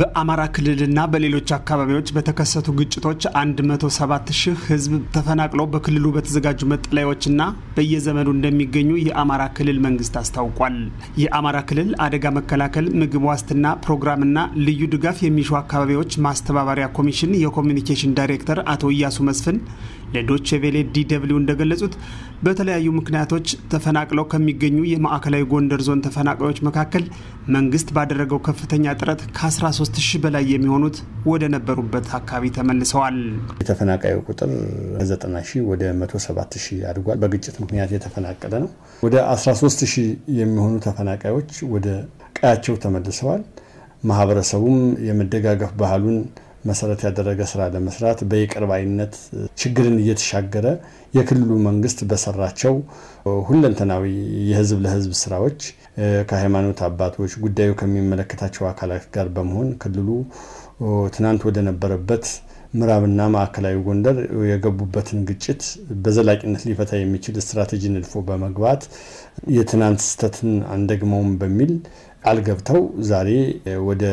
በአማራ ክልልና በሌሎች አካባቢዎች በተከሰቱ ግጭቶች 107 ሺህ ህዝብ ተፈናቅሎ በክልሉ በተዘጋጁ መጠለያዎችና በየዘመኑ እንደሚገኙ የአማራ ክልል መንግስት አስታውቋል። የአማራ ክልል አደጋ መከላከል ምግብ ዋስትና ፕሮግራምና ልዩ ድጋፍ የሚሹ አካባቢዎች ማስተባበሪያ ኮሚሽን የኮሚኒኬሽን ዳይሬክተር አቶ እያሱ መስፍን ለዶቼ ቬሌ ዲደብሊው እንደገለጹት በተለያዩ ምክንያቶች ተፈናቅለው ከሚገኙ የማዕከላዊ ጎንደር ዞን ተፈናቃዮች መካከል መንግስት ባደረገው ከፍተኛ ጥረት ከ13 ከ3 ሺህ በላይ የሚሆኑት ወደ ነበሩበት አካባቢ ተመልሰዋል። የተፈናቃዩ ቁጥር 90 ሺህ ወደ 107 ሺህ አድጓል። በግጭት ምክንያት የተፈናቀለ ነው። ወደ 13 ሺህ የሚሆኑ ተፈናቃዮች ወደ ቀያቸው ተመልሰዋል። ማህበረሰቡም የመደጋገፍ ባህሉን መሰረት ያደረገ ስራ ለመስራት በይቅርባይነት ችግርን እየተሻገረ የክልሉ መንግስት በሰራቸው ሁለንተናዊ የህዝብ ለህዝብ ስራዎች ከሃይማኖት አባቶች ጉዳዩ ከሚመለከታቸው አካላት ጋር በመሆን ክልሉ ትናንት ወደ ነበረበት ምዕራብና ማዕከላዊ ጎንደር የገቡበትን ግጭት በዘላቂነት ሊፈታ የሚችል ስትራቴጂ ነድፎ በመግባት የትናንት ስህተትን አንደግመውም በሚል አልገብተው ዛሬ ወደ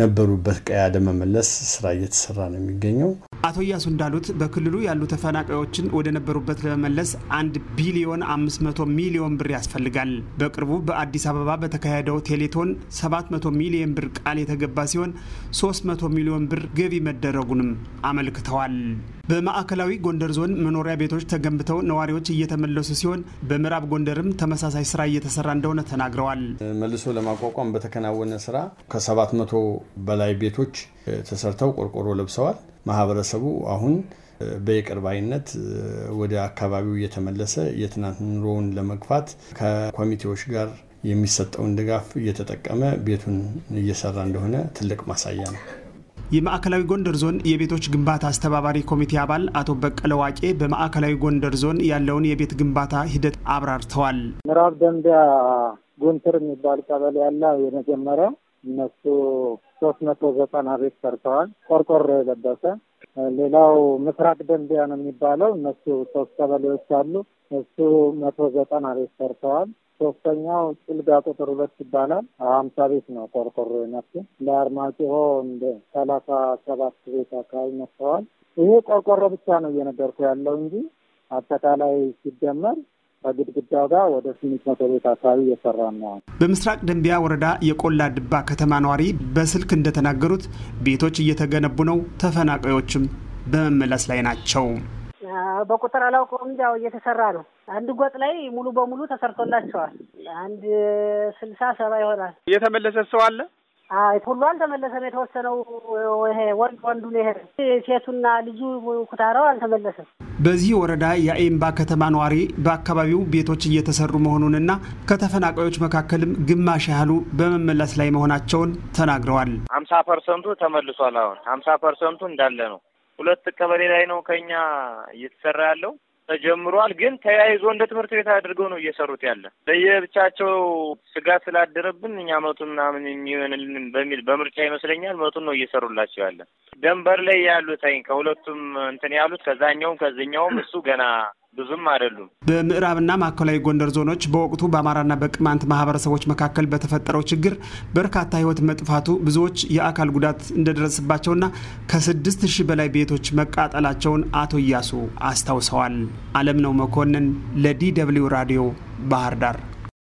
ነበሩበት ቀያ ለመመለስ ስራ እየተሰራ ነው የሚገኘው። አቶ እያሱ እንዳሉት በክልሉ ያሉ ተፈናቃዮችን ወደ ነበሩበት ለመመለስ አንድ ቢሊዮን 500 ሚሊዮን ብር ያስፈልጋል። በቅርቡ በአዲስ አበባ በተካሄደው ቴሌቶን 700 ሚሊዮን ብር ቃል የተገባ ሲሆን 300 ሚሊዮን ብር ገቢ መደረጉንም አመልክተዋል። በማዕከላዊ ጎንደር ዞን መኖሪያ ቤቶች ተገንብተው ነዋሪዎች እየተመለሱ ሲሆን በምዕራብ ጎንደርም ተመሳሳይ ስራ እየተሰራ እንደሆነ ተናግረዋል። መልሶ ለማቋቋም በተከናወነ ስራ ከ700 በላይ ቤቶች ተሰርተው ቆርቆሮ ለብሰዋል። ማህበረሰቡ አሁን በየቅርባይነት ወደ አካባቢው እየተመለሰ የትናንት ኑሮውን ለመግፋት ከኮሚቴዎች ጋር የሚሰጠውን ድጋፍ እየተጠቀመ ቤቱን እየሰራ እንደሆነ ትልቅ ማሳያ ነው። የማዕከላዊ ጎንደር ዞን የቤቶች ግንባታ አስተባባሪ ኮሚቴ አባል አቶ በቀለ ዋቄ በማዕከላዊ ጎንደር ዞን ያለውን የቤት ግንባታ ሂደት አብራርተዋል። ምዕራብ ደንቢያ ጉንትር የሚባል ቀበሌ ያለ የመጀመሪያው እነሱ ሶስት መቶ ዘጠና ቤት ሰርተዋል። ቆርቆሮ የለበሰ ሌላው ምስራቅ ደንቢያ ነው የሚባለው። እነሱ ሶስት ቀበሌዎች አሉ። እሱ መቶ ዘጠና ቤት ሰርተዋል። ሶስተኛው ጭልጋ ቁጥር ሁለት ይባላል። ሀምሳ ቤት ነው ቆርቆሮ የነሱ። ለአርማጭሆ እንደ ሰላሳ ሰባት ቤት አካባቢ መጥተዋል። ይሄ ቆርቆሮ ብቻ ነው እየነገርኩ ያለው እንጂ አጠቃላይ ሲደመር ከግድግዳው ጋር ወደ ስምንት መቶ ቤት አካባቢ እየሰራ ነው። በምስራቅ ደንቢያ ወረዳ የቆላ ድባ ከተማ ነዋሪ በስልክ እንደተናገሩት ቤቶች እየተገነቡ ነው፣ ተፈናቃዮችም በመመለስ ላይ ናቸው። በቁጥር አላውቀውም። ያው እየተሰራ ነው። አንድ ጎጥ ላይ ሙሉ በሙሉ ተሰርቶላቸዋል። አንድ ስልሳ ሰባ ይሆናል። እየተመለሰ ሰው አለ ሁሉ አልተመለሰም። የተወሰነው ይሄ ወንድ ወንዱን ይሄ ሴቱና ልጁ ኩታራው አልተመለሰም። በዚህ ወረዳ የኤምባ ከተማ ነዋሪ በአካባቢው ቤቶች እየተሰሩ መሆኑንና ከተፈናቃዮች መካከልም ግማሽ ያህሉ በመመለስ ላይ መሆናቸውን ተናግረዋል። ሀምሳ ፐርሰንቱ ተመልሷል። አሁን ሀምሳ ፐርሰንቱ እንዳለ ነው። ሁለት ቀበሌ ላይ ነው ከኛ እየተሰራ ያለው ተጀምሯል። ግን ተያይዞ እንደ ትምህርት ቤት አድርገው ነው እየሰሩት ያለ። ለየብቻቸው ስጋት ስላደረብን እኛ መቶ ምናምን የሚሆንልን በሚል በምርጫ ይመስለኛል መቱን ነው እየሰሩላቸው ያለ። ደንበር ላይ ያሉት ከሁለቱም እንትን ያሉት ከዛኛውም ከዚኛውም እሱ ገና ብዙም አይደሉም። በምዕራብና ማዕከላዊ ጎንደር ዞኖች በወቅቱ በአማራና በቅማንት ማህበረሰቦች መካከል በተፈጠረው ችግር በርካታ ህይወት መጥፋቱ ብዙዎች የአካል ጉዳት እንደደረሰባቸውና ከስድስት ሺህ በላይ ቤቶች መቃጠላቸውን አቶ እያሱ አስታውሰዋል። አለም ነው መኮንን ለዲ ደብልዩ ራዲዮ ባህር ዳር